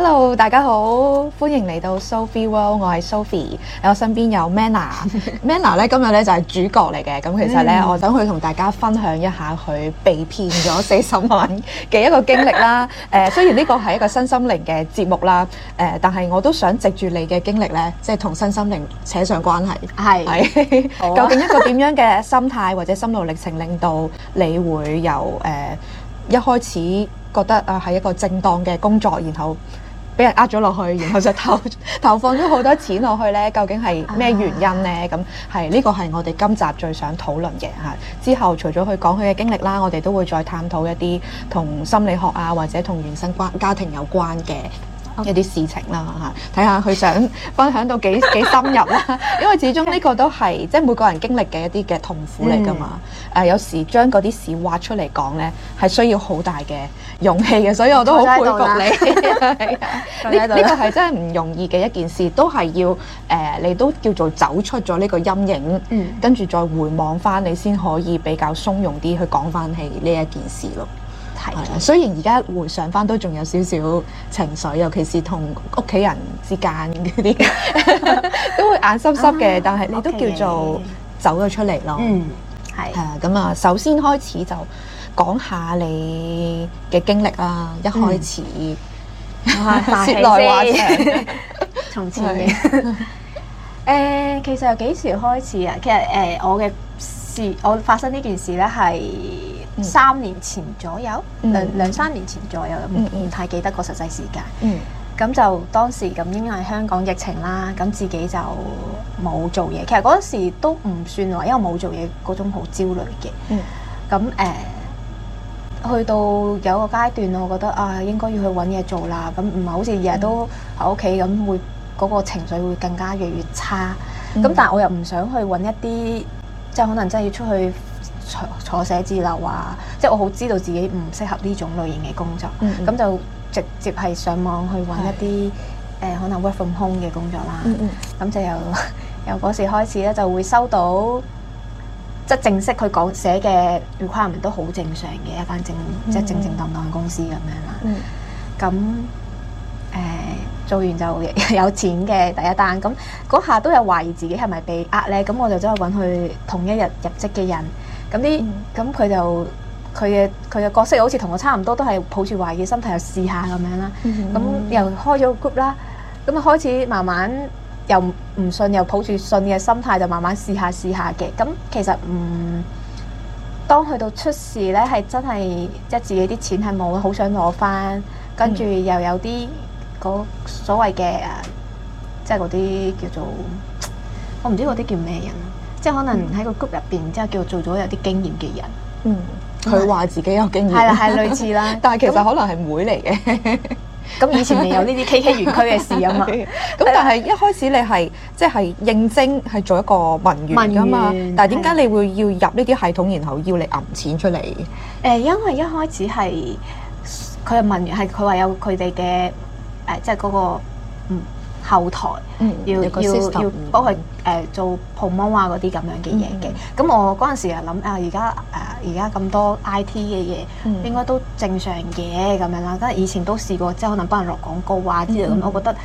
Hello，大家好，歡迎嚟到 Soul Free World，我係 Sophy，喺我身邊有 Menna，Menna 咧今日咧就係主角嚟嘅，咁其實咧我想去同大家分享一下佢被騙咗四十萬嘅一個經歷啦。誒，雖然呢個係一個身心靈嘅節目啦，誒，但係我都想藉住你嘅經歷咧，即係同身心靈扯上關係。係，究竟一個點樣嘅心態或者心路歷程，令到你會由誒一開始覺得啊係一個正當嘅工作，然後，俾人呃咗落去，然後就投投放咗好多錢落去呢，究竟係咩原因呢？咁係呢個係我哋今集最想討論嘅嚇。之後除咗佢講佢嘅經歷啦，我哋都會再探討一啲同心理學啊，或者同原生關家庭有關嘅一啲事情啦嚇。睇 Okay. 下佢想分享到幾幾 深入啦，因為始終呢個都係 即係每個人經歷嘅一啲嘅痛苦嚟噶嘛。誒、mm hmm. 啊，有時將嗰啲事挖出嚟講呢，係需要好大嘅。勇氣嘅，所以我都好佩服你。係啊，呢個係真係唔容易嘅一件事，都係要誒，你都叫做走出咗呢個陰影，嗯，跟住再回望翻，你先可以比較鬆容啲去講翻起呢一件事咯。係雖然而家回想翻都仲有少少情緒，尤其是同屋企人之間嗰啲，都會眼濕濕嘅，但係你都叫做走咗出嚟咯。嗯，係。咁啊，首先開始就。講下你嘅經歷啊！一開始話切來話長，從前誒，其實由幾時開始啊？其實誒，我嘅事，我發生呢件事咧，係三年前左右，兩兩三年前左右，唔太記得個實際時間。嗯，咁就當時咁應該係香港疫情啦，咁自己就冇做嘢。其實嗰時都唔算話，因為冇做嘢嗰種好焦慮嘅。嗯，咁誒。去到有個階段，我覺得啊，應該要去揾嘢做啦。咁唔係好似日日都喺屋企咁，嗯、會嗰、嗰個情緒會更加越嚟越差。咁、嗯、但係我又唔想去揾一啲，即係可能真係要出去坐坐寫字樓啊。即係我好知道自己唔適合呢種類型嘅工作。咁、嗯、就直接係上網去揾一啲誒是、呃、可能 work from home 嘅工作啦。咁、嗯嗯、就由由嗰時開始咧就會收到。即係正式佢講寫嘅 requirement 都好正常嘅一間正，即係正正當當嘅公司咁樣啦。咁誒、mm hmm. 呃、做完就有錢嘅第一單，咁嗰下都有懷疑自己係咪被呃呢？咁我就走去揾佢同一日入職嘅人，咁啲咁佢就佢嘅佢嘅角色好似同我差唔多，都係抱住懷疑嘅心態去試下咁樣啦。咁、mm hmm. 又開咗個 group 啦，咁就開始慢慢又。唔信又抱住信嘅心態，就慢慢試下試下嘅，咁其實，唔、嗯、當去到出事咧，係真係即係自己啲錢，係冇，好想攞翻，跟住又有啲嗰所謂嘅，即係嗰啲叫做我唔知嗰啲叫咩人，即係可能喺個谷入邊，即係叫做做咗有啲經驗嘅人。嗯，佢話自己有經驗，係啦係類似啦， 但係其實可能係媒嚟嘅。嗯 咁以前未有呢啲 KK 園區嘅事啊嘛， 咁但係一開始你係即係應徵係做一個文員噶嘛，文員，但係點解你會要入呢啲系統，然後要你揞錢出嚟？誒，因為一開始係佢係文員，係佢話有佢哋嘅誒，即係嗰個嗯。後台、嗯、要要要幫佢誒做 promotion 啊，嗰啲咁樣嘅嘢嘅，咁、嗯、我嗰陣時係諗啊而家誒而家咁多 IT 嘅嘢，嗯、應該都正常嘅咁樣啦。即係以前都試過，即係可能幫人落廣告啊之類咁，嗯、我覺得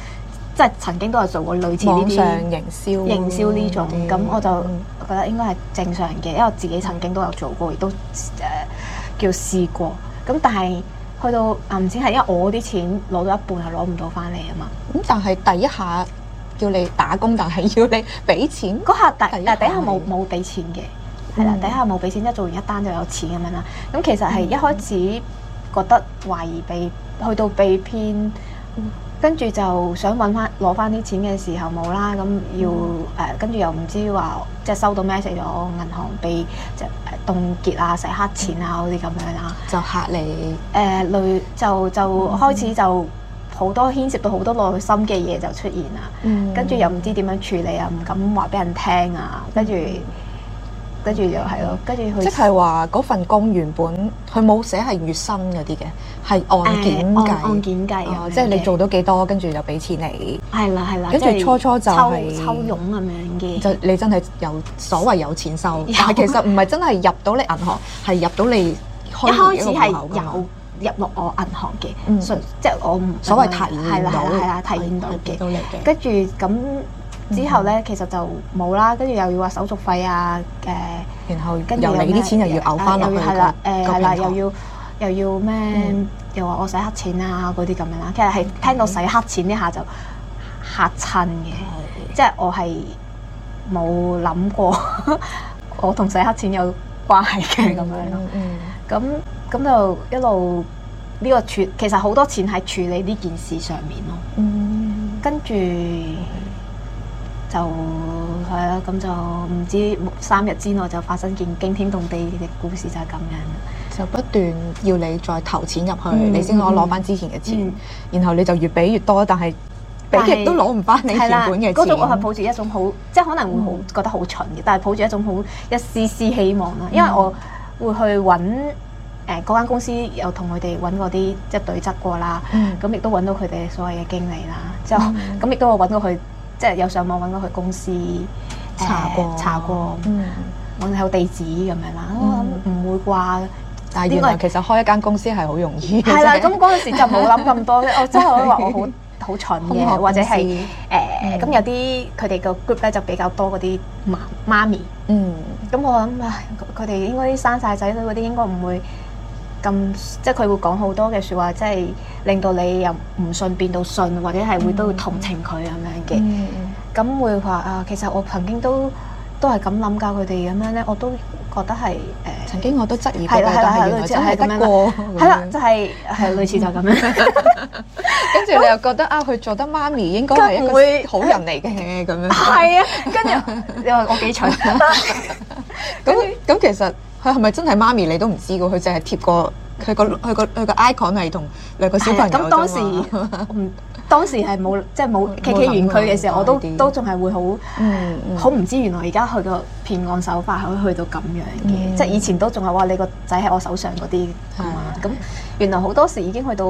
即係曾經都有做過類似呢啲營銷營銷呢種，咁些我就覺得應該係正常嘅，因為我自己曾經都有做過，亦都誒、呃、叫試過，咁但係。去到唔知係，因為我啲錢攞到一半係攞唔到翻嚟啊嘛。咁但係第一下叫你打工，但係要你俾錢，嗰下底但係下第下冇冇俾錢嘅，係啦，底下冇俾錢，一、嗯、做完一單就有錢咁樣啦。咁其實係一開始覺得懷疑被去到被騙。嗯跟住就想揾翻攞翻啲錢嘅時候冇啦，咁要誒、嗯呃、跟住又唔知話即係收到 message 咗銀行被即係凍結啊，洗、呃、黑錢啊嗰啲咁樣啦，就嚇你誒，累、呃、就就、嗯、開始就好多牽涉到好多內心嘅嘢就出現啦，嗯、跟住又唔知點樣處理啊，唔敢話俾人聽啊，跟住。跟住又係咯，跟住佢即係話嗰份工原本佢冇寫係月薪嗰啲嘅，係按件計，按件計，即係你做到幾多，跟住就俾錢你。係啦，係啦。跟住初初就係抽傭咁樣嘅，就你真係有所謂有錢收，但係其實唔係真係入到你銀行，係入到你開。一開始係有入落我銀行嘅，純即係我唔所謂提現到。係啦，係啦，係啦，提現到嘅。跟住咁。之後咧，其實就冇啦，跟住又要話手續費啊，誒，然後跟住啲錢又要嘔翻落去、那個、啦，係啦，誒，係啦，又要、嗯、又要咩？又話我洗黑錢啊嗰啲咁樣啦，其實係聽到洗黑錢呢下就嚇親嘅，即係、嗯、我係冇諗過 我同洗黑錢有關係嘅咁樣咯。咁咁、嗯嗯、就一路呢、呢個處，其實好多錢喺處理呢件事上面咯。嗯嗯嗯、跟住。就係啦，咁就唔知三日之內就發生件驚天動地嘅故事就係咁樣。就不斷要你再投錢入去，你先可攞翻之前嘅錢，然後你就越俾越多，但係俾極都攞唔翻你原本嘅錢。嗰種我係抱住一種好，即係可能會好覺得好蠢嘅，但係抱住一種好一絲絲希望啦。因為我會去揾誒嗰間公司，又同佢哋揾嗰啲即係對質過啦，咁亦都揾到佢哋所謂嘅經理啦。之後咁亦都我揾到佢。嗯嗯即係有上網揾過佢公司查過，查過，揾下地址咁樣啦。我諗唔會掛，但係原來其實開一間公司係好容易。係啦，咁嗰陣時就冇諗咁多，我真係我話我好好蠢嘅，或者係誒，咁有啲佢哋個 group 咧就比較多嗰啲媽媽咪。嗯，咁我諗啊，佢哋應該啲生晒仔女嗰啲應該唔會。咁即係佢會講好多嘅說話，即係令到你又唔信變到信，或者係會都會同情佢咁樣嘅。咁會話啊，其實我曾經都都係咁諗教佢哋咁樣咧，我都覺得係誒。呃、曾經我都質疑佢嘅教係唔係真係咁樣啦。係啦，就係係類似就咁樣。跟住、嗯、 你又覺得啊，佢做得媽咪應該係一個好人嚟嘅咁樣。係 啊 G voor，跟住你話我幾蠢。咁咁其實。佢係咪真係媽咪？你都唔知噶，佢淨係貼個佢個佢個佢個 icon 係同兩個小朋友咁。當時唔當時係冇即係冇 KK 園區嘅時候，我都都仲係會好好唔知原來而家去個騙案手法可以去到咁樣嘅，即係以前都仲係話你個仔喺我手上嗰啲啊嘛。咁原來好多時已經去到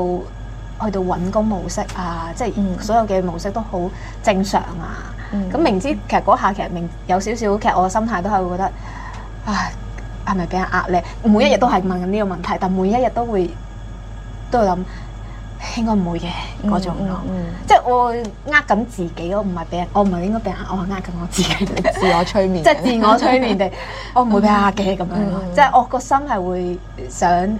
去到揾工模式啊，即係所有嘅模式都好正常啊。咁明知其實嗰下其實明有少少，其實我嘅心態都係會覺得唉。係咪俾人呃咧？每一日都係問緊呢個問題，但每一日都會都會諗應該唔會嘅嗰種咯。即係我呃緊自己，我唔係俾人，我唔係應該俾人呃，我係呃緊我自己，自我催眠。即係自我催眠地，我唔會俾人呃嘅咁樣咯。即係我個心係會想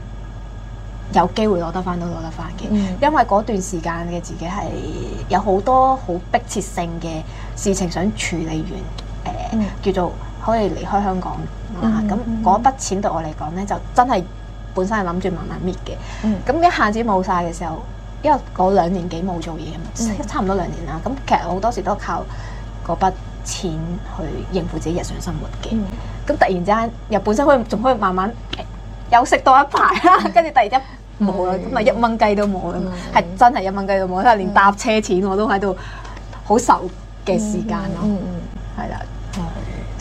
有機會攞得翻都攞得翻嘅，因為嗰段時間嘅自己係有好多好迫切性嘅事情想處理完，誒叫做。可以離開香港，嗱，咁嗰筆錢對我嚟講咧就真係本身係諗住慢慢搣嘅，咁、嗯、一下子冇晒嘅時候，因為嗰兩年幾冇做嘢，差唔多兩年啦，咁其實好多時都靠嗰筆錢去應付自己日常生活嘅，咁、嗯、突然之間又本身可以仲可以慢慢休息到一排，跟住突然間冇啦，咁咪對是 right. 一蚊雞都冇啦，係真係一蚊雞都冇，真係連搭車錢我都喺度好愁嘅時間咯，係啦。Every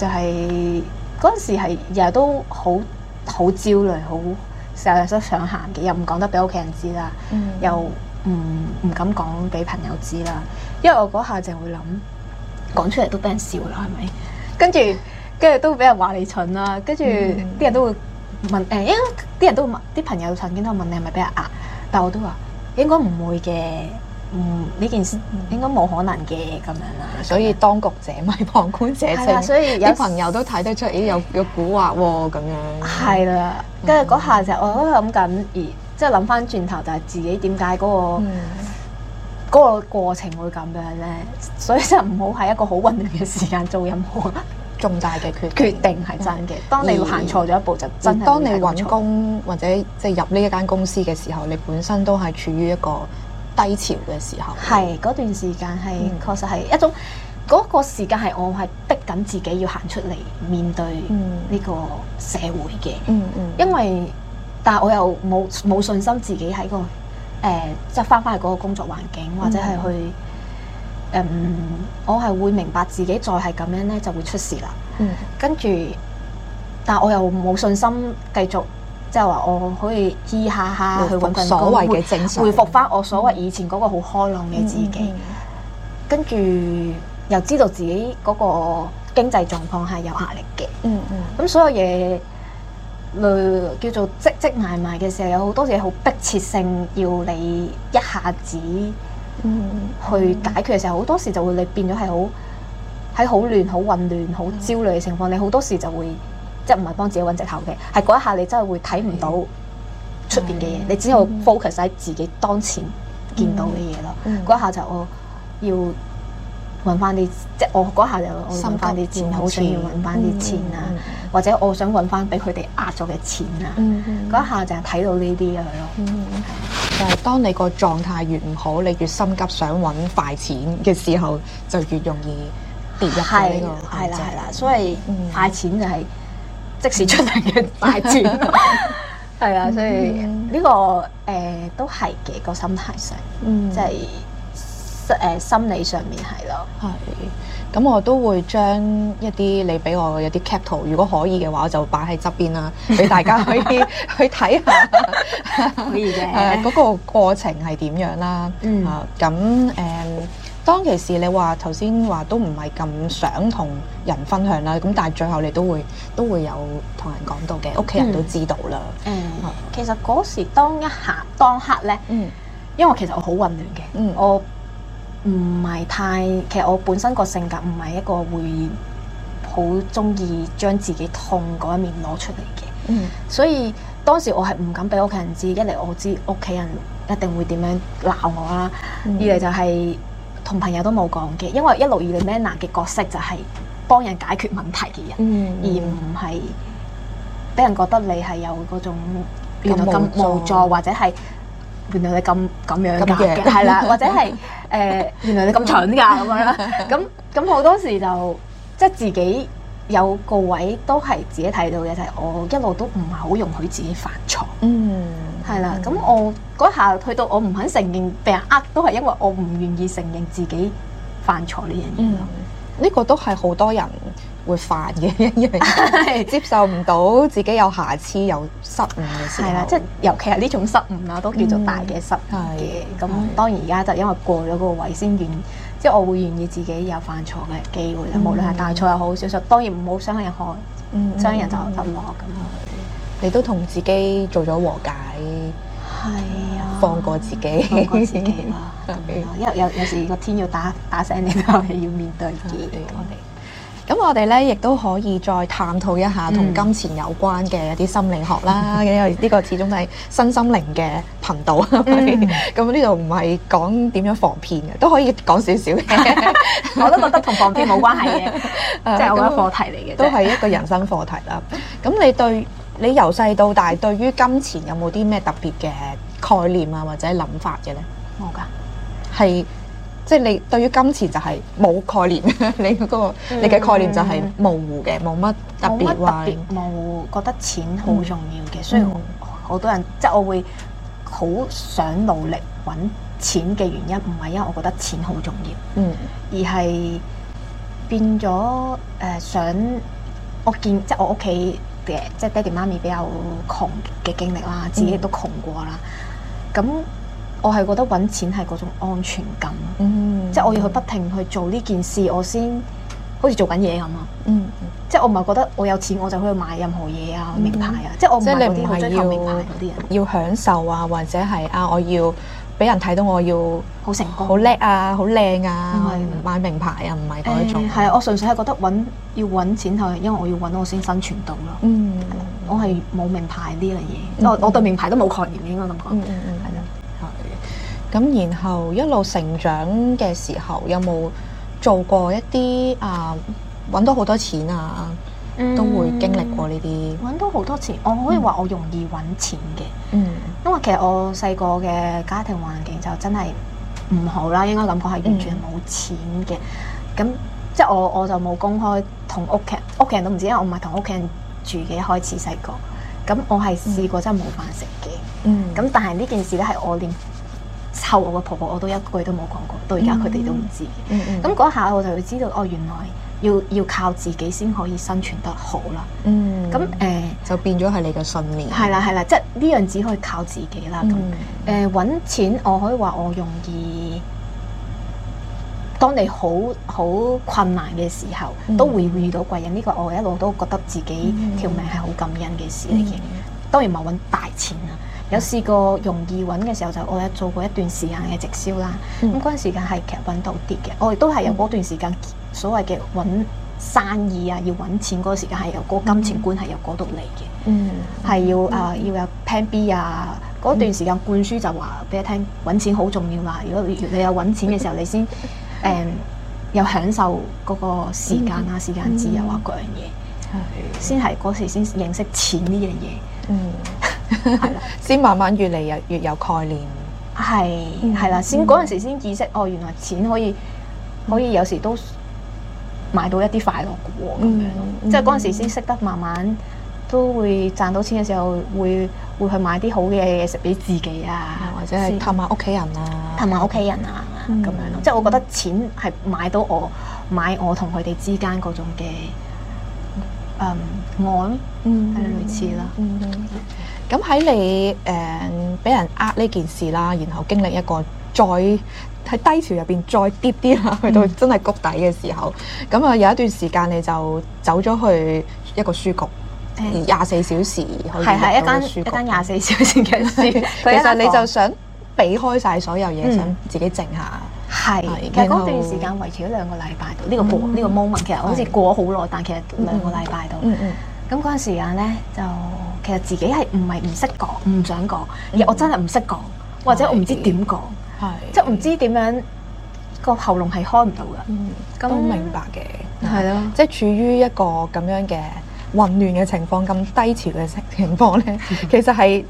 就係嗰陣時係日日都好好焦慮，好成日都想行嘅，又唔講得俾屋企人知啦，嗯、又唔唔敢講俾朋友知啦，因為我嗰下就會諗講出嚟都俾人笑啦，係咪？跟住跟住都俾人話你蠢啦，跟住啲、嗯、人都會問誒，因為啲人都會問啲朋友曾經都問你係咪俾人呃？但係我都話應該唔會嘅。嗯，呢件事應該冇可能嘅咁樣啦、啊，樣啊、所以當局者咪旁觀者清，啊、所以有朋友都睇得出，咦、哎、有有蠱惑喎咁樣。係啦的，跟住嗰下就我都諗緊，而即係諗翻轉頭，就係、是、自己點解嗰個嗰、嗯、過程會咁樣咧？所以就唔好喺一個好混亂嘅時間做任何 重大嘅決決定係真嘅。嗯、當你行錯咗一步就真係。當你揾工或者即係入呢一間公司嘅時候，你本身都係處於一個。 低潮嘅時候，係嗰段時間係、嗯、確實係一種嗰、嗰個時間係我係逼緊自己要行出嚟面對呢個社會嘅，嗯嗯嗯、因為但係我又冇冇信心自己喺個誒即係翻返去嗰個工作環境或者係去嗯、呃、我係會明白自己再係咁樣咧就會出事啦，嗯、跟住但我又冇信心繼續。即係話，我可以嘻下下去揾嘅個回復所謂精神，回復翻我所謂以前嗰個好開朗嘅自己，嗯嗯嗯。跟住又知道自己嗰個經濟狀況係有壓力嘅。嗯嗯。咁所有嘢，叫做積積埋埋嘅時候，有好多嘢好迫切性要你一下子去解決嘅時候，好多時就會你變咗係好喺好亂、好混亂、好焦慮嘅情況，你好多時就會。即係唔係幫自己搵藉口嘅，係嗰一下你真係會睇唔到出面嘅嘢，你只有 focus 喺自己當前見到嘅嘢咯。嗰下就我要搵翻啲，即係我嗰下就搵翻啲錢，好想要搵翻啲錢啊，或者我想搵翻俾佢哋呃咗嘅錢啊。嗰下就係睇到呢啲嘅咯。但係當你個狀態越唔好，你越心急想搵快錢嘅時候，就越容易跌入去呢個陷阱。係啦係啦，所以快錢就係。即使出嚟嘅大招，係 啊，所以呢、呢個誒、呃、都係嘅個心態上，嗯、即係誒、呃、心理上面係咯。係，咁我都會將一啲你俾我有啲 cap 圖，如果可以嘅話，我就擺喺側邊啦，俾大家 可以去睇下，可以嘅。誒，嗰個過程係點樣啦？啊、嗯，咁誒、呃。當其時你，你話頭先話都唔係咁想同人分享啦，咁但係最後你都會都會有同人講到嘅，屋企人都知道啦，嗯。嗯，好其實嗰時當一下當刻呢，嗯，因為其實我好混亂嘅，嗯，我唔係太，其實我本身個性格唔係一個會好中意將自己痛嗰一面攞出嚟嘅，嗯，所以當時我係唔敢俾屋企人知，一嚟我知屋企人一定會點樣鬧我啦，二嚟、嗯、就係、是。同朋友都冇講嘅，因為一路以嚟 Man 娜嘅角色就係幫人解決問題嘅人，而唔係俾人覺得你係有嗰種原來咁無助，或者係原來你咁咁樣嘅，係啦，或者係誒原來你咁蠢㗎咁樣，咁咁好多時就即係自己。有個位都係自己睇到嘅，就係、是、我一路都唔係好容許自己犯錯。嗯，係啦的。咁、嗯、我嗰下去到我唔肯承認被人呃，都係因為我唔願意承認自己犯錯呢樣嘢。呢、嗯、個都係好多人會犯嘅因為，嗯、 接受唔到自己有瑕疵有失誤嘅事。係啦、嗯，即係尤其係呢種失誤啊，都叫做大嘅失誤。係，咁當然而家就因為過咗嗰個位先願。即係我會願意自己有犯錯嘅機會啦，無論係大錯又好，小錯當然唔好傷人害人，傷人就失落咁啊！你都同自己做咗和解，係啊， 啊，放過自己，自己 因為有有，有時個天要打打醒你，就係要面對自己。 咁我哋咧亦都可以再探討一下同金錢有關嘅一啲心理學啦，嗯、因為呢個始終係身心靈嘅頻道。咁呢度唔係講點樣防騙嘅，都可以講少少嘅。 我都覺得同防騙冇關係嘅， 即係我嘅課、嗯、題嚟嘅，都係一個人生課題啦。咁 你對，你由細到大對於金錢有冇啲咩特別嘅概念啊或者諗法嘅咧？冇噶，係。即係你對於金錢就係冇概念， 你嗰、那個嗯、你嘅概念就係模糊嘅，冇乜、嗯、特別話冇覺得錢好重要嘅。所以、嗯、我好多人、嗯、即係我會好想努力揾錢嘅原因，唔係因為我覺得錢好重要，嗯，而係變咗誒、呃、想我見即係我屋企嘅即係爹哋媽咪比較窮嘅經歷啦，自己都窮過啦，咁、嗯。嗯。我係覺得揾錢係嗰種安全感，即係我要去不停去做呢件事，我先好似做緊嘢咁啊！即係我唔係覺得我有錢我就去買任何嘢啊名牌啊，即係我唔係嗰啲追求名牌嗰啲人，要享受啊，或者係啊，我要俾人睇到我要好成功、好叻啊、好靚啊，買名牌啊，唔係嗰種。係啊，我純粹係覺得揾要揾錢去，因為我要揾我先生存到咯。嗯，我係冇名牌呢樣嘢，我對名牌都冇概念，應該咁講。咁然後一路成長嘅時候，有冇做過一啲啊揾到好多錢啊？都會經歷過呢啲揾到好多錢，我可以話我容易揾錢嘅。嗯，因為其實我細個嘅家庭環境就真係唔好啦，應該咁講係完全冇錢嘅。咁、嗯、即係我我就冇公開同屋企屋企人都唔知，因為我唔係同屋企人住嘅。一開始細個，咁我係試過真係冇飯食嘅。嗯，咁但係呢件事咧係我練。靠我個婆婆，我都一句都冇講過，到而家佢哋都唔知。咁嗰下我就會知道，哦，原來要要靠自己先可以生存得好啦。咁誒、mm，hmm. 呃、就變咗係你嘅信念。係啦係啦，即係呢樣只可以靠自己啦。誒揾、mm hmm. 呃、錢，我可以話我容易。當你好好困難嘅時候，mm hmm. 都會遇到貴人。呢、呢個我一路都覺得自己條命係好感恩嘅事嚟嘅。Mm hmm. 當然唔係揾大錢啦。 有試過容易揾嘅時候，就我有做過一段時間嘅直銷啦。咁嗰陣時間係其實揾到啲嘅，我亦都係有嗰段時間所謂嘅揾生意啊，要揾錢嗰個時間係由嗰個金錢觀係由嗰度嚟嘅，係、嗯、要啊、呃、要有 plan B 啊。嗰段時間灌輸就話俾你聽，揾錢好重要啦。如果你有揾錢嘅時候，你先誒、嗯、有享受嗰個時間啊、時間自由啊嗰樣嘢，先係嗰時先認識錢呢樣嘢。嗯係啦，先 慢慢越嚟越有概念，係係啦，先嗰陣時先意識哦，原來錢可以可以有時都買到一啲快樂嘅，咁樣，嗯嗯、即係嗰陣時先識得慢慢都會賺到錢嘅時候，會會去買啲好嘅嘢食俾自己啊，或者係氹下屋企人啊，氹下屋企人啊，咁樣咯。即係、嗯、我覺得錢係買到我買我同佢哋之間嗰種嘅、呃、嗯愛嗯係類似啦。嗯嗯咁喺你誒俾、uh，人呃呢件事啦，然後經歷一個再喺低潮入邊再跌啲啦，去到真係谷底嘅時候，咁啊、嗯、有一段時間你就走咗去一個書局，廿四、嗯、小時係係一間一間廿四小時嘅書局，嗯、 其實你就想避開晒所有嘢，嗯、想自己靜下。係、嗯嗯，其實嗰段時間維持咗兩個禮拜度，呢、嗯、個呢個 moment 其實好似過咗好耐，嗯、但其實兩個禮拜度。嗯咁嗰陣時間咧，就其實自己係唔係唔識講，唔想講，而我真係唔識講，或者我唔知點講，即係唔知點樣個喉嚨係開唔到㗎。嗯，都明白嘅，係咯。即係處於一個咁樣嘅混亂嘅情況，咁低潮嘅情情況咧，其實係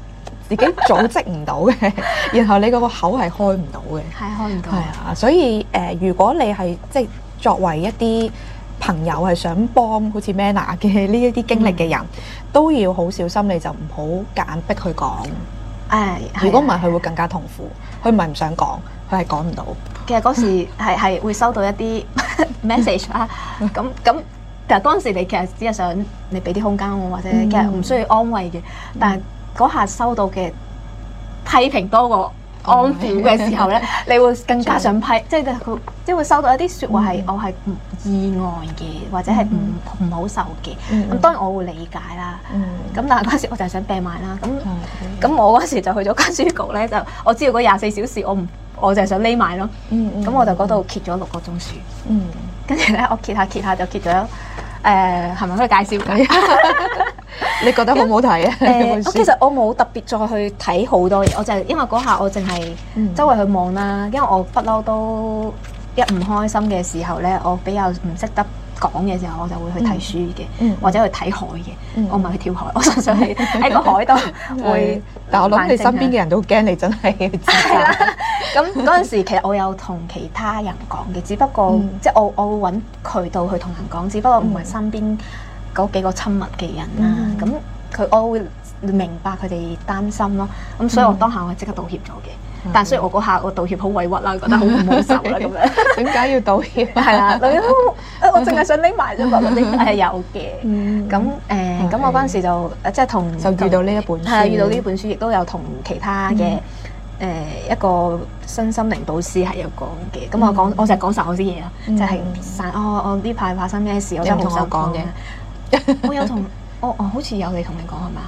自己組織唔到嘅，然後你嗰個口係開唔到嘅，係開唔到。係啊，所以誒，如果你係即係作為一啲。朋友係想幫好似 Menna 嘅呢一啲經歷嘅人都要好小心，你就唔好夾硬逼佢講。誒，如果唔係佢會更加痛苦，佢唔係唔想講，佢係講唔到。其實嗰時係係會收到一啲 message 啦，咁咁，其實當時你其實只係想你俾啲空間我，或者其實唔需要安慰嘅，但係嗰下收到嘅批評多過安掉嘅時候咧， 你會更加想批， 即係佢即係會收到一啲説話係我係唔意外嘅，或者係唔唔好受嘅。咁、嗯、當然我會理解啦。咁、嗯、但係嗰時我就係想掟埋啦。咁咁、嗯嗯、我嗰時就去咗間書局咧，就我知道嗰廿四小時我唔我就係想匿埋咯。咁我就嗰度揭咗六個鐘書。嗯，跟住咧我揭下揭下就揭咗誒，係咪嗰個介紹鬼？ 你覺得好唔好睇啊？我、呃、 其實我冇特別再去睇好多嘢，我就係因為嗰下我淨係周圍去望啦。因為我不嬲都一唔開心嘅時候呢，我比較唔識得講嘅時候，我就會去睇書嘅，嗯、或者去睇海嘅。嗯、我唔係去跳海，我純粹喺個海度會。 但我諗你身邊嘅人都驚你真係的。係啦、 啊，咁嗰陣時其實我有同其他人講嘅，只不過、嗯、即係我我會揾渠道去同人講，只不過唔係身邊。嗯嗰幾個親密嘅人啦，咁佢我會明白佢哋擔心咯，咁所以我當下我即刻道歉咗嘅。但雖然我嗰下我道歉好委屈啦，覺得好唔好受啦咁樣。點解要道歉？係啦，我淨係想拎埋咗嘛，嗰啲係有嘅。咁誒，咁我嗰陣時就即係同就遇到呢一本書，係遇到呢本書，亦都有同其他嘅誒一個身心靈導師係有講嘅。咁我講，我成日講晒我啲嘢啊，就係散哦，我呢排發生咩事，我就同我講嘅。 我有同我我好似有你同你講係嘛？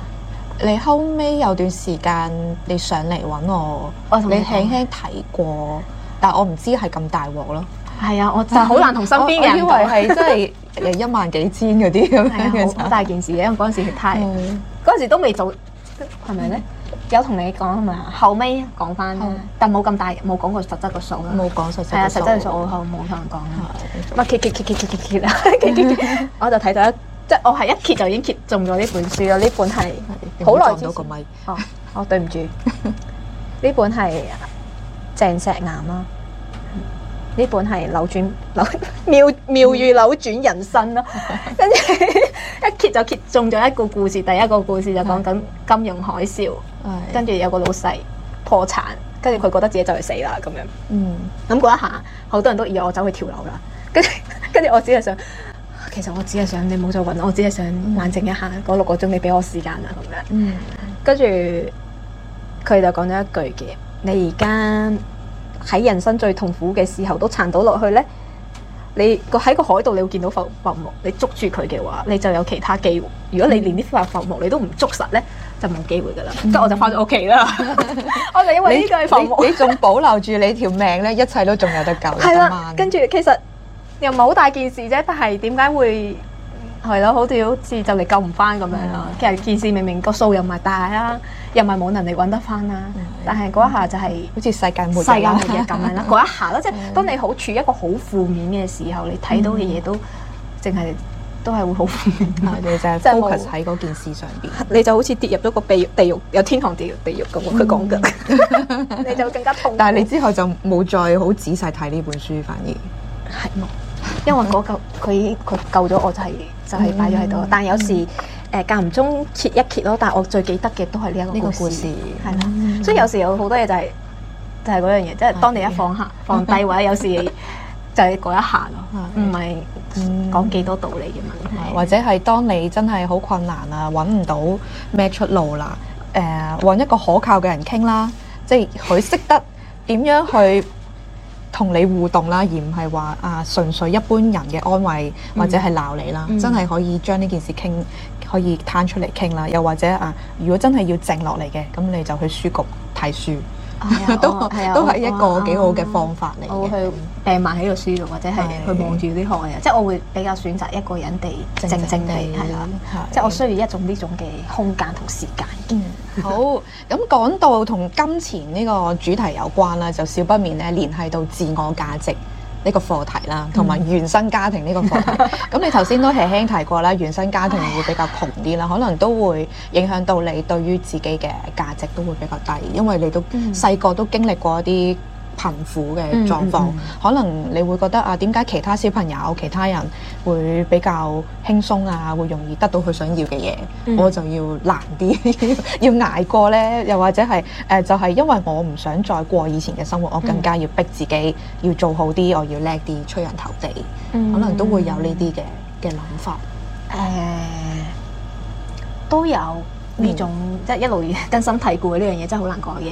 你後尾有段時間你上嚟搵我，我同你輕輕睇過，但我唔知係咁大鑊咯。係啊，我就好難同身邊嘅人講因 為係真係誒一萬幾千嗰啲咁樣，好、啊、大件事嘅。因為嗰陣時太，嗰陣、嗯、時都未做，係咪咧？有同你講啊嘛？後尾講翻，嗯、但冇咁大，冇講過實質嘅數，冇講實質係實質嘅數，我冇同人講啊！我，我就睇到一。即係我係一揭就已經揭中咗呢本書啦，呢本係好耐唔到個咪，哦、啊，哦、啊、對唔住，呢 本係鄭石岩啦，呢、嗯、本係扭轉妙妙語扭轉人生啦，跟住一揭就揭中咗一個故事，第一個故事就講緊金融海嘯，跟住、嗯、有個老細破產，跟住佢覺得自己就係死啦咁樣，嗯，咁嗰一下好多人都以為我走去跳樓啦，跟住跟住我只係想。其實我只係想你冇再搵我，只係想冷靜一下。嗰、嗯、六個鐘你俾我時間啦，咁樣。嗯，跟住佢就講咗一句嘅：你而家喺人生最痛苦嘅時候都撐到落去咧，你個喺個海度你會見到浮浮木，你捉住佢嘅話，你就有其他機會。如果你連呢塊浮木你都唔捉實咧，就冇機會噶啦。咁、嗯，我就翻咗屋企啦。 我就因為呢句浮木，你仲保留住你條命咧，一切都仲有得救。係啦，跟住其實。又冇好大件事啫，但係點解會係咯？好似好似就嚟救唔翻咁樣咯。其實件事明明個數又唔係大啦，又唔係冇能力搵得翻啦。但係嗰一下就係好似世界末日咁樣啦。嗰一下咯，即係當你好處一個好負面嘅時候，你睇到嘅嘢都淨係都係會好負面。你就 focus 喺嗰件事上邊。你就好似跌入咗個地地獄，有天堂、地獄、地獄咁。佢講緊，你就更加痛。但係你之後就冇再好仔細睇呢本書，反而係冇。因為嗰嚿佢佢舊咗，救我就係就係擺咗喺度。但有時誒間唔中揭一揭咯。但係我最記得嘅都係呢一個故事。呢個故事係啦。的嗯、所以有時有好多嘢就係、是、就係、是、嗰樣嘢，嗯、即係當你一放下、嗯、放低，或者有時就係嗰一下咯，唔係講幾多道理嘅問題。或者係當你真係好困難啊，揾唔到咩出路啦？誒、呃、揾一個可靠嘅人傾啦，即係佢識得點樣去。 同你互動啦，而唔係話啊純粹一般人嘅安慰或者係鬧你啦，嗯、真係可以將呢件事傾，可以攤出嚟傾啦。又或者啊，如果真係要靜落嚟嘅，咁你就去書局睇書。啊， 都係都係一個幾好嘅方法嚟嘅。我會去埋喺個書度，或者係去望住啲書啊。 即係我會比較選擇一個人地靜靜地係啦。即係我需要一種呢種嘅空間同時間。嗯， 好。咁講到同金錢呢個主題有關啦，就少不免咧聯繫到自我價值。呢個課題啦，同埋原生家庭呢個課題，咁 你頭先都輕輕提過啦，原生家庭會比較窮啲啦，可能都會影響到你對於自己嘅價值都會比較低，因為你都細個 都經歷過一啲貧苦嘅狀況，嗯嗯嗯，可能你會覺得啊，點解其他小朋友、其他人會比較輕鬆啊，會容易得到佢想要嘅嘢，嗯、我就要難啲， 要捱過呢？又或者係誒、呃，就係、是、因為我唔想再過以前嘅生活，嗯、我更加要逼自己要做好啲，我要叻啲，出人頭地，嗯嗯，可能都會有呢啲嘅嘅諗法。誒、嗯，uh, 都有呢種，即係、嗯、一路根深蒂固呢樣嘢，真係好難講嘅，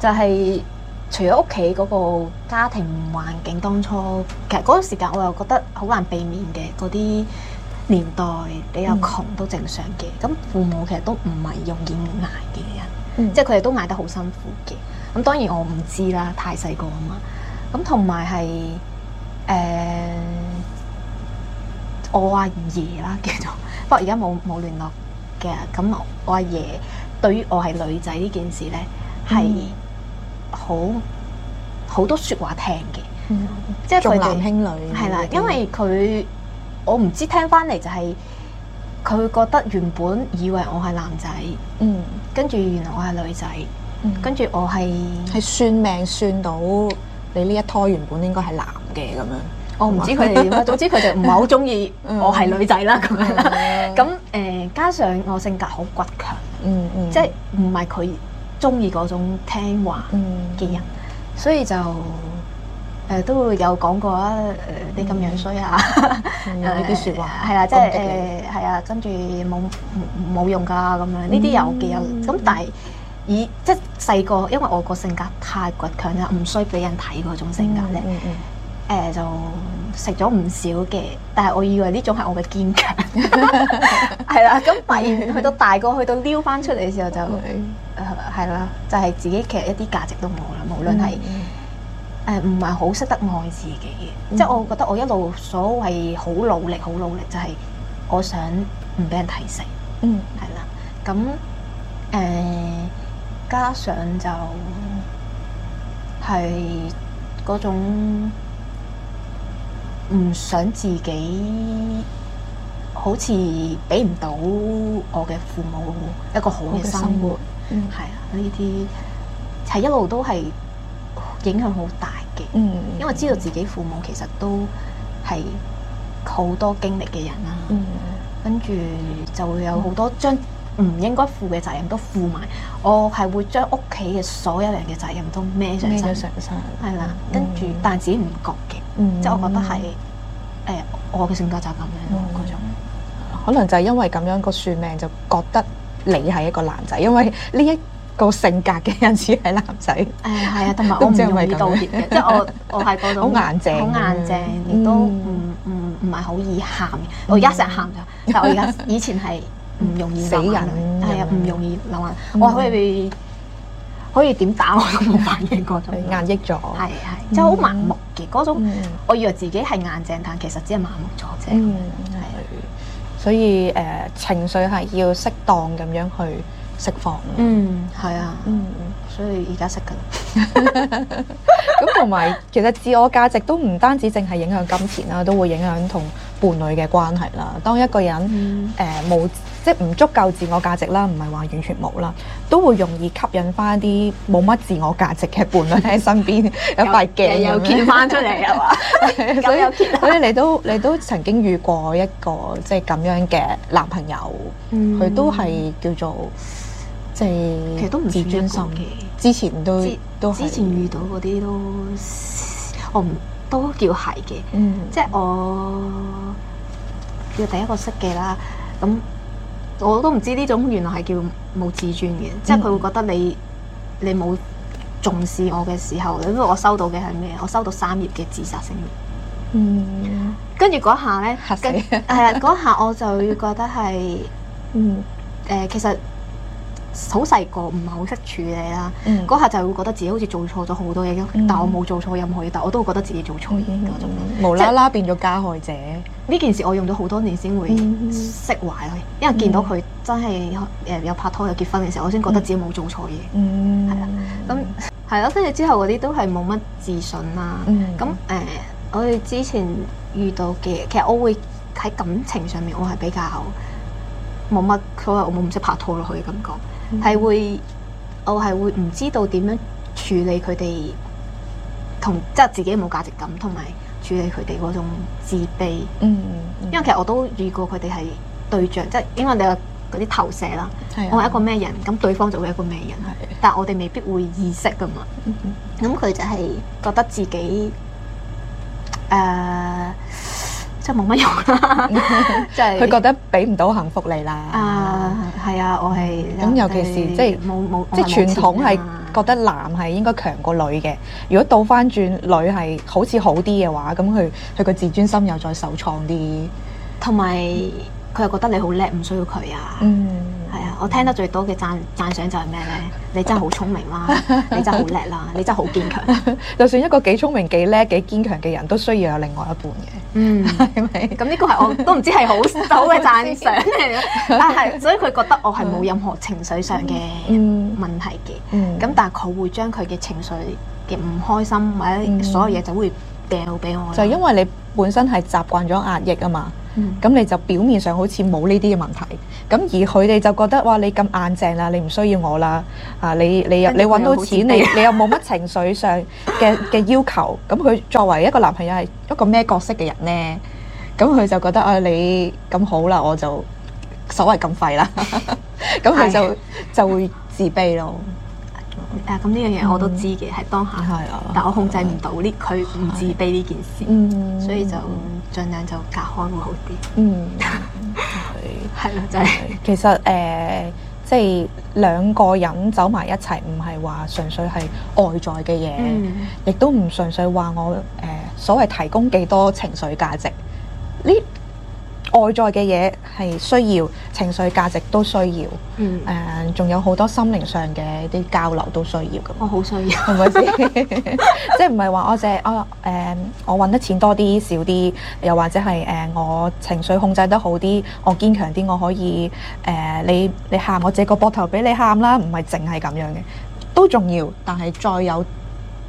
就係、是。除咗屋企嗰個家庭環境，當初其實嗰個時間我又覺得好難避免嘅，嗰啲年代比較窮都正常嘅。咁、嗯、父母其實都唔係容易捱嘅人，嗯、即係佢哋都捱得好辛苦嘅。咁當然我唔知啦，太細個吖嘛。咁同埋係誒我阿爺啦叫做，不過而家冇冇聯絡嘅。咁我阿爺對於我係女仔呢件事咧係。嗯好好多說話聽嘅，即係重男輕女係啦，因為佢我唔知聽翻嚟就係佢覺得原本以為我係男仔，嗯，跟住原來我係女仔，跟住我係係算命算到你呢一胎原本應該係男嘅咁樣，我唔知佢哋點，總之，佢就唔係好中意我係女仔啦咁樣，咁誒加上我性格好倔強，嗯嗯，即係唔係佢。中意嗰種聽話嘅人，嗯，所以就誒、呃、都會有講過、呃、啊，你咁樣衰啊，呢啲說話係啦，即係誒係啊，跟住冇冇用噶咁樣，呢啲有嘅有。咁但係以即係細個，因為我個性格太倔強啦，唔需俾人睇嗰種性格咧，誒、呃、就食咗唔少嘅，但係我以為呢種係我嘅堅強，係 啦，咁發現去到大個，去到撩翻出嚟嘅時候就。嗯嗯嗯係啦，就係、是、自己其實一啲價值都冇啦。無論係誒，唔係好識得愛自己嘅，即係、嗯、我覺得我一路所謂好努力、好努力，就係我想唔俾人睇死、嗯。嗯，係啦。咁誒，加上就係嗰種唔想自己好似俾唔到我嘅父母一個好嘅生活。嗯，係啊，呢啲係一路都係影響好大嘅，嗯、因為知道自己父母其實都係好多經歷嘅人啦，嗯、跟住就會有好多將唔應該負嘅責任都負埋，我係會將屋企嘅所有人嘅責任都孭上身，孭上身，係啦了，嗯、跟住但自己唔覺嘅，嗯、即係我覺得係誒、呃、我嘅性格就咁樣嗰、嗯、種，嗯、可能就係因為咁樣個算命就覺得。你係一個男仔，因為呢一個性格嘅人似係男仔。誒係啊，同埋我唔會道歉嘅，即係我我係嗰種好硬正，好硬正，亦都唔唔唔係好易喊嘅。我而家成日喊咗，但係我而家以前係唔容易流眼淚，係啊，唔容易流眼淚。我可以可以點打我都冇反應過，就壓抑咗。係係，即係好麻木嘅嗰種。我以為自己係硬正，但其實只係麻木咗啫。所以誒、呃、情緒係要適當咁樣去釋放。嗯，係啊，嗯，所以而家識㗎。咁同埋其實自我價值都唔單止淨係影響金錢啦，都會影響同伴侶嘅關係啦。當一個人誒冇。嗯呃即係唔足夠自我價值啦，唔係話完全冇啦，都會容易吸引翻啲冇乜自我價值嘅伴侶喺身邊， 有塊鏡又見翻出嚟係嘛？所以你都你都曾經遇過一個即係咁樣嘅男朋友，佢、嗯、都係叫做即係、就是、其實都唔算自尊心嘅。之前都都之前遇到嗰啲都我唔，都叫係嘅，嗯、即係我叫第一個識嘅啦，咁。我都唔知呢種原來係叫冇自尊嘅，嗯、即係佢會覺得你你冇重視我嘅時候，因為我收到嘅係咩？我收到三頁嘅自殺聲明。嗯，跟住嗰下呢，係啊，嗰下我就會覺得係，嗯，誒、呃，其實。好細個唔係好識處理啦，嗰下、嗯、就會覺得自己好似做錯咗好多嘢，嗯、但我冇做錯任何嘢，但我都會覺得自己做錯嘢嗰種，無啦啦變咗加害者。呢件事我用咗好多年先會釋懷佢，嗯嗯、因為見到佢真係有，有拍拖有結婚嘅時候，我先覺得自己冇做錯嘢。係啦、嗯，咁係啦，跟住之後嗰啲都係冇乜自信啦。咁誒、嗯嗯嗯呃，我哋之前遇到嘅，其實我會喺感情上面我係比較冇乜所謂，我冇唔識拍拖落去嘅感覺。係會，我係會唔知道點樣處理佢哋同即係自己冇價值感，同埋處理佢哋嗰種自卑。嗯，嗯嗯因為其實我都遇過佢哋係對象，即、就、係、是、因為你有嗰啲投射啦。啊、我係一個咩人，咁對方就會一個咩人，是但係我哋未必會意識噶嘛。咁佢、嗯嗯、就係覺得自己誒。呃即係冇乜用啦，即係佢覺得俾唔到幸福你啦。啊，係、嗯、啊，我係咁、嗯、尤其是對即係冇冇，沒即係傳統係覺得男係應該強過女嘅。如果倒翻轉女係好似好啲嘅話，咁佢佢個自尊心又再受創啲。同埋佢又覺得你好叻，唔需要佢啊。嗯係啊，我聽得最多嘅讚讚賞就係咩咧？你真係好聰明啦， 你真係好叻啦， 你真係好堅強。 就算一個幾聰明、幾叻、幾堅強嘅人都需要有另外一半嘅。嗯，係咪？咁呢個係我都唔知係好好嘅讚賞，但係所以佢覺得我係冇任何情緒上嘅問題嘅。咁、嗯、但係佢會將佢嘅情緒嘅唔開心或者所有嘢就會掉俾我。嗯、就係、因為你本身係習慣咗壓抑啊嘛。咁你就表面上好似冇呢啲嘅問題，咁而佢哋就覺得哇，你咁硬淨啦，你唔需要我啦，啊，你你又你揾到錢，你你又冇乜情緒上嘅嘅要求，咁佢作為一個男朋友係一個咩角色嘅人呢？咁佢就覺得啊，你咁好啦，我就所謂咁廢啦，咁佢就就會自卑咯。啊，咁呢樣嘢我都知嘅，係當下，但係我控制唔到呢，佢唔自卑呢件事，所以就。盡量就隔開會好啲。嗯，係，係 就係、係。 其實誒，即、呃、係、就係、兩個人走埋一齊，唔係話純粹係外在嘅嘢，亦都唔純粹話我誒、呃、所謂提供幾多情緒價值呢。外在嘅嘢係需要，情緒價值都需要。嗯，仲、呃、有好多心靈上嘅啲交流都需要嘅。我好需要， 即係唔係話我淨係、啊呃、我揾得錢多啲少啲，又或者係誒、呃、我情緒控制得好啲，我堅強啲，我可以誒、呃、你你喊我借個膊頭俾你喊啦，唔係淨係咁樣嘅，都重要。但係再有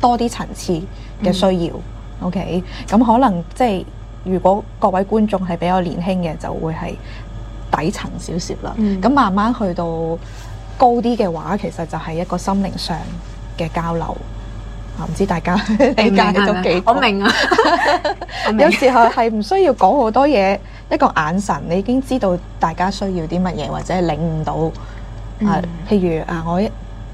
多啲層次嘅需要、嗯，OK，咁可能即係。如果各位觀眾係比較年輕嘅，就會係底層少少啦。咁、嗯、慢慢去到高啲嘅話，其實就係一個心靈上嘅交流。啊，唔知大家理解幾多？我明啊， 有時候係唔需要講好多嘢， 一個眼神你已經知道大家需要啲乜嘢，或者領悟到、嗯、啊。譬如啊，我一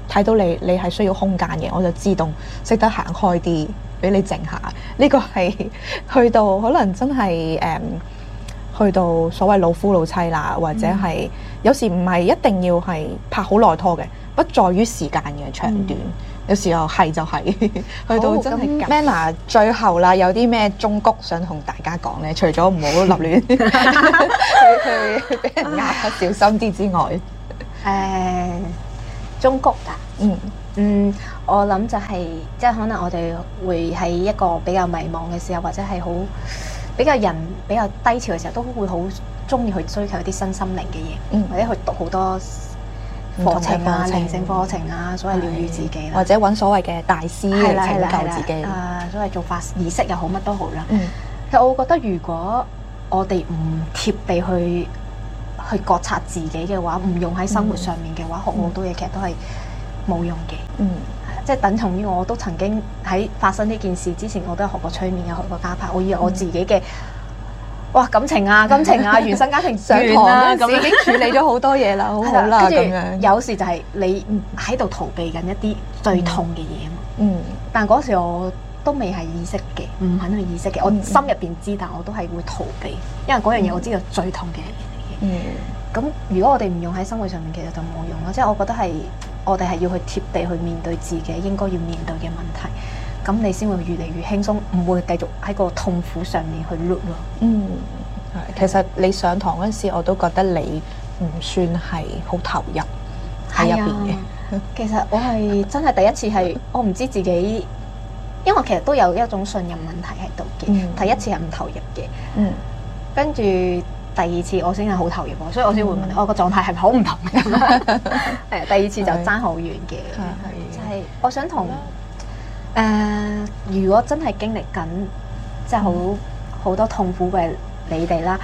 睇到你，你係需要空間嘅，我就自動識得行開啲。俾你靜下，呢、這個係去到可能真係誒、嗯，去到所謂老夫老妻啦，或者係、嗯、有時唔係一定要係拍好耐拖嘅，不在於時間嘅長短。嗯、有時候係就係、是、好去到真係。Manna 最後啦，有啲咩忠告想同大家講呢？除咗唔好立亂，去去俾人壓，小心啲之外，誒，忠告啊，嗯。嗯，我諗就係即係可能我哋會喺一個比較迷茫嘅時候，或者係好比較人比較低潮嘅時候，都會好中意去追求一啲新心靈嘅嘢，或者去讀好多課程啊、靈性課程啊，所謂療愈自己，或者揾所謂嘅大師嚟拯救自己啊，所謂做法儀式又好，乜都好啦。其實我會覺得，如果我哋唔貼地去去覺察自己嘅話，唔用喺生活上面嘅話，學好多嘢其實都係。冇用嘅，嗯，即係等同於我都曾經喺發生呢件事之前，我都係學過催眠嘅，學過家排，我以為我自己嘅，哇感情啊感情啊原生家庭，上啊，咁已經處理咗好多嘢啦，好啦，跟住，有時就係你喺度逃避緊一啲最痛嘅嘢啊嘛，嗯，但嗰時我都未係意識嘅，唔肯去意識嘅，我心入邊知，但我都係會逃避，因為嗰樣嘢我知道最痛嘅嘢嚟嘅，咁如果我哋唔用喺生活上面，其實就冇用咯，即係我覺得係。我哋係要去貼地去面對自己應該要面對嘅問題，咁你先會越嚟越輕鬆，唔會繼續喺個痛苦上面去碌咯。嗯，其實你上堂嗰陣時，我都覺得你唔算係好投入喺入邊嘅。係啊、 其實我係真係第一次係，我唔知自己，因為其實都有一種信任問題喺度嘅。嗯、第一次係唔投入嘅。嗯，跟住。第二次我先係好投入，所以我先會問你、嗯、我個狀態係咪好唔同嘅？係 第二次就爭好遠嘅，就係我想同誒的、呃，如果真係經歷緊即係好好多痛苦嘅你哋啦，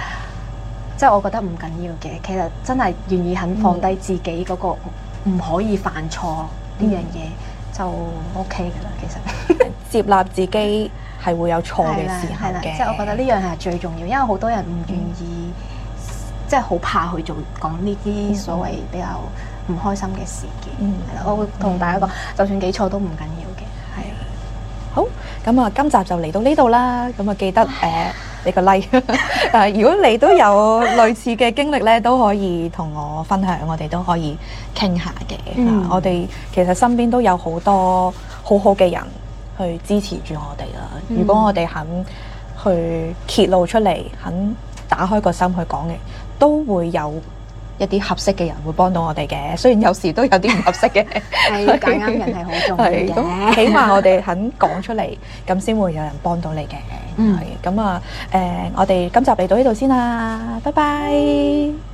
即、就、係、是、我覺得唔緊要嘅，嗯、其實真係願意肯放低自己嗰個唔可以犯錯呢樣嘢就 OK 噶啦，其實、嗯、 接納自己。係會有錯嘅事嘅，即係我覺得呢樣係最重要，因為好多人唔願意，嗯、即係好怕去做講呢啲所謂比較唔開心嘅事件。嗯，我會同大家講，嗯、就算幾錯都唔緊要嘅，係。好，咁啊，今集就嚟到呢度啦。咁啊，記得誒，俾、呃、個 like。誒， 如果你都有類似嘅經歷咧，都可以同我分享，我哋都可以傾下嘅。嗯嗯、我哋其實身邊都有很多很好多好好嘅人，去支持住我哋啦！如果我哋肯去揭露出嚟，肯打開個心去講嘅，都會有一啲合適嘅人會幫到我哋嘅。雖然有時都有啲唔合適嘅，係揀啱人係好重要嘅。起碼我哋肯講出嚟，咁先 會有人幫到你嘅。係咁啊！誒、呃，我哋今集嚟到呢度先啦，拜拜。